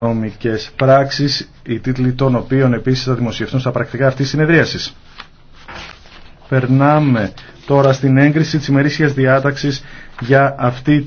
νομικές πράξεις, οι τίτλοι των οποίων επίσης θα δημοσιευτούν στα πρακτικά αυτής της συνεδρίασης. Περνάμε τώρα στην έγκριση της ημερήσιας διάταξης για αυτή τη...